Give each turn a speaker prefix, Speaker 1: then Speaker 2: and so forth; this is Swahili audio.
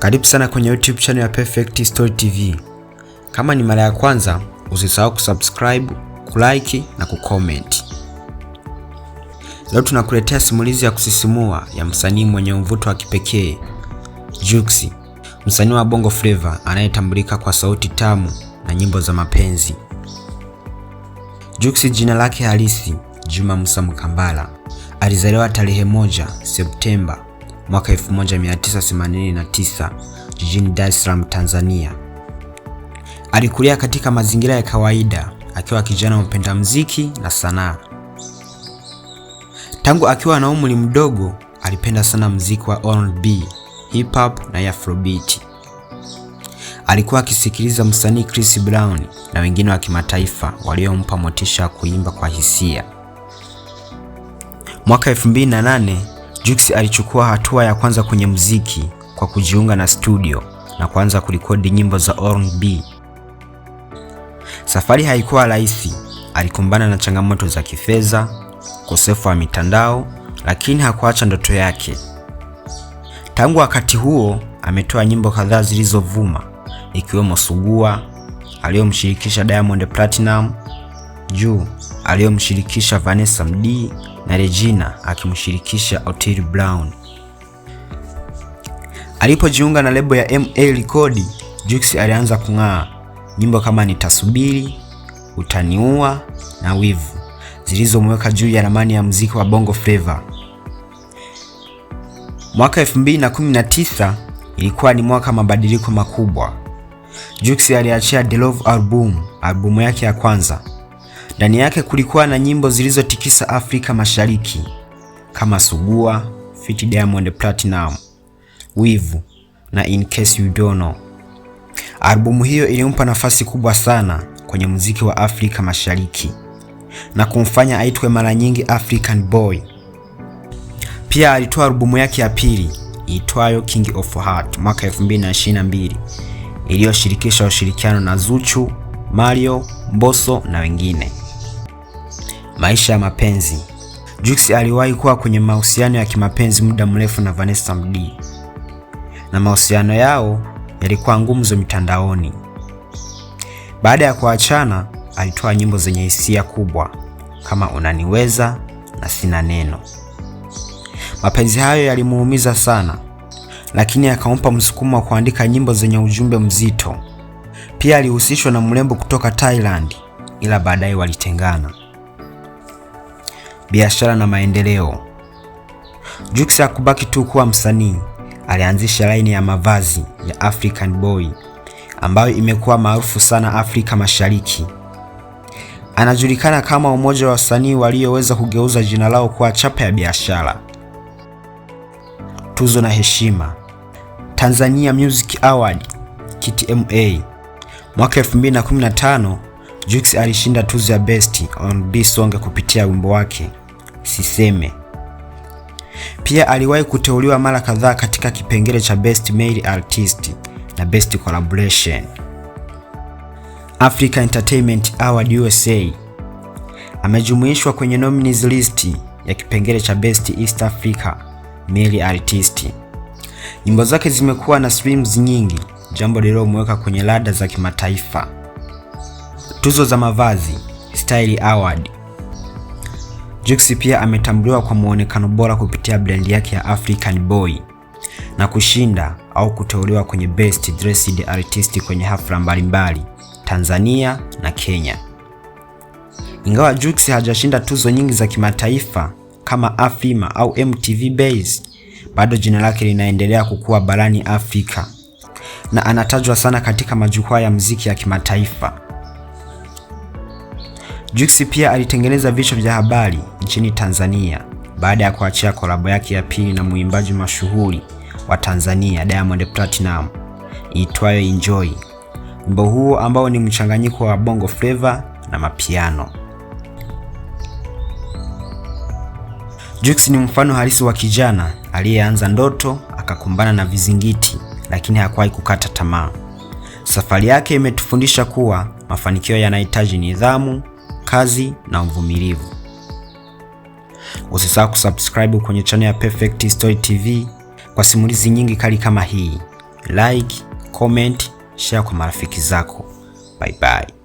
Speaker 1: Karibu sana kwenye YouTube channel ya Perfect Story TV. Kama ni mara ya kwanza, usisahau kusubscribe, kulike na kucomment. Leo tunakuletea simulizi ya kusisimua ya msanii mwenye mvuto wa kipekee, Jux, msanii wa Bongo Flava anayetambulika kwa sauti tamu na nyimbo za mapenzi. Jux jina lake halisi Juma Musa Mkambala alizaliwa tarehe moja Septemba mwaka 1989 jijini Dar es Salaam, Tanzania. Alikulia katika mazingira ya kawaida akiwa kijana mpenda mziki na sanaa. Tangu akiwa na umri mdogo alipenda sana mziki wa R&B, hip hop na afrobeat. Alikuwa akisikiliza msanii Chris Brown na wengine wa kimataifa waliompa motisha ya kuimba kwa hisia. Mwaka 2008 Jux alichukua hatua ya kwanza kwenye muziki kwa kujiunga na studio na kuanza kurekodi nyimbo za R&B. Safari haikuwa rahisi, alikumbana na changamoto za kifedha, ukosefu wa mitandao, lakini hakuacha ndoto yake. Tangu wakati huo ametoa nyimbo kadhaa zilizovuma ikiwemo Sugua aliyomshirikisha Diamond Platinum, Juu aliyomshirikisha Vanessa Mdee na Regina akimshirikisha Otile Brown. Alipojiunga na lebo ya MA Record, Jux alianza kung'aa. Nyimbo kama Nitasubiri, Utaniua na Wivu zilizomweka juu ya ramani ya muziki wa Bongo Flava. Mwaka 2019 ilikuwa ni mwaka mabadiliko makubwa. Jux aliachia The Love Album, albumu yake ya kwanza. Ndani yake kulikuwa na nyimbo zilizotikisa Afrika Mashariki kama Sugua feat Diamond Platinum, Wivu na In Case You Don't Know. Albumu hiyo ilimpa nafasi kubwa sana kwenye muziki wa Afrika Mashariki na kumfanya aitwe mara nyingi African Boy. Pia alitoa albumu yake ya pili iitwayo King of Heart mwaka 2022 iliyoshirikisha ushirikiano na Zuchu, Mario, Mbosso na wengine. Maisha ya mapenzi. Jux aliwahi kuwa kwenye mahusiano ya kimapenzi muda mrefu na Vanessa MD, na mahusiano yao yalikuwa ngumzo mitandaoni. Baada ya kuachana, alitoa nyimbo zenye hisia kubwa kama Unaniweza na Sina Neno. Mapenzi hayo yalimuumiza sana, lakini akampa msukumo wa kuandika nyimbo zenye ujumbe mzito. Pia alihusishwa na mrembo kutoka Thailand, ila baadaye walitengana biashara na maendeleo. Jux hakubaki tu kuwa msanii, alianzisha laini ya mavazi ya African Boy ambayo imekuwa maarufu sana Afrika Mashariki. Anajulikana kama umoja wa wasanii walioweza kugeuza jina lao kuwa chapa ya biashara. Tuzo na heshima: Tanzania Music Award KTMA. mwaka 2015, Jux alishinda tuzo ya Best on B Song kupitia wimbo wake Siseme. Pia aliwahi kuteuliwa mara kadhaa katika kipengele cha Best Male Artist na Best Collaboration. Africa Entertainment Award USA amejumuishwa kwenye nominees list ya kipengele cha Best East Africa Male Artist. Nyimbo zake zimekuwa na streams nyingi, jambo lililomweka kwenye rada za kimataifa. Tuzo za mavazi Style Award Jux pia ametambuliwa kwa muonekano bora kupitia brand yake ya African Boy na kushinda au kuteuliwa kwenye Best Dressed Artist kwenye hafla mbalimbali Tanzania na Kenya. Ingawa Jux hajashinda tuzo nyingi za kimataifa kama Afrima au MTV Base, bado jina lake linaendelea kukua barani Afrika na anatajwa sana katika majukwaa ya muziki ya kimataifa. Jux pia alitengeneza vichwa vya habari nchini Tanzania baada ya kuachia kolabo yake ya pili na muimbaji mashuhuri wa Tanzania Diamond Platinum iitwayo Enjoy. Wimbo huo ambao ni mchanganyiko wa bongo flavor na mapiano. Jux ni mfano halisi wa kijana aliyeanza ndoto akakumbana na vizingiti, lakini hakuwahi kukata tamaa. Safari yake imetufundisha kuwa mafanikio yanahitaji nidhamu, kazi na uvumilivu. Usisahau kusubscribe kwenye channel ya Perfect Story TV kwa simulizi nyingi kali kama hii. Like, comment, share kwa marafiki zako. Bye bye.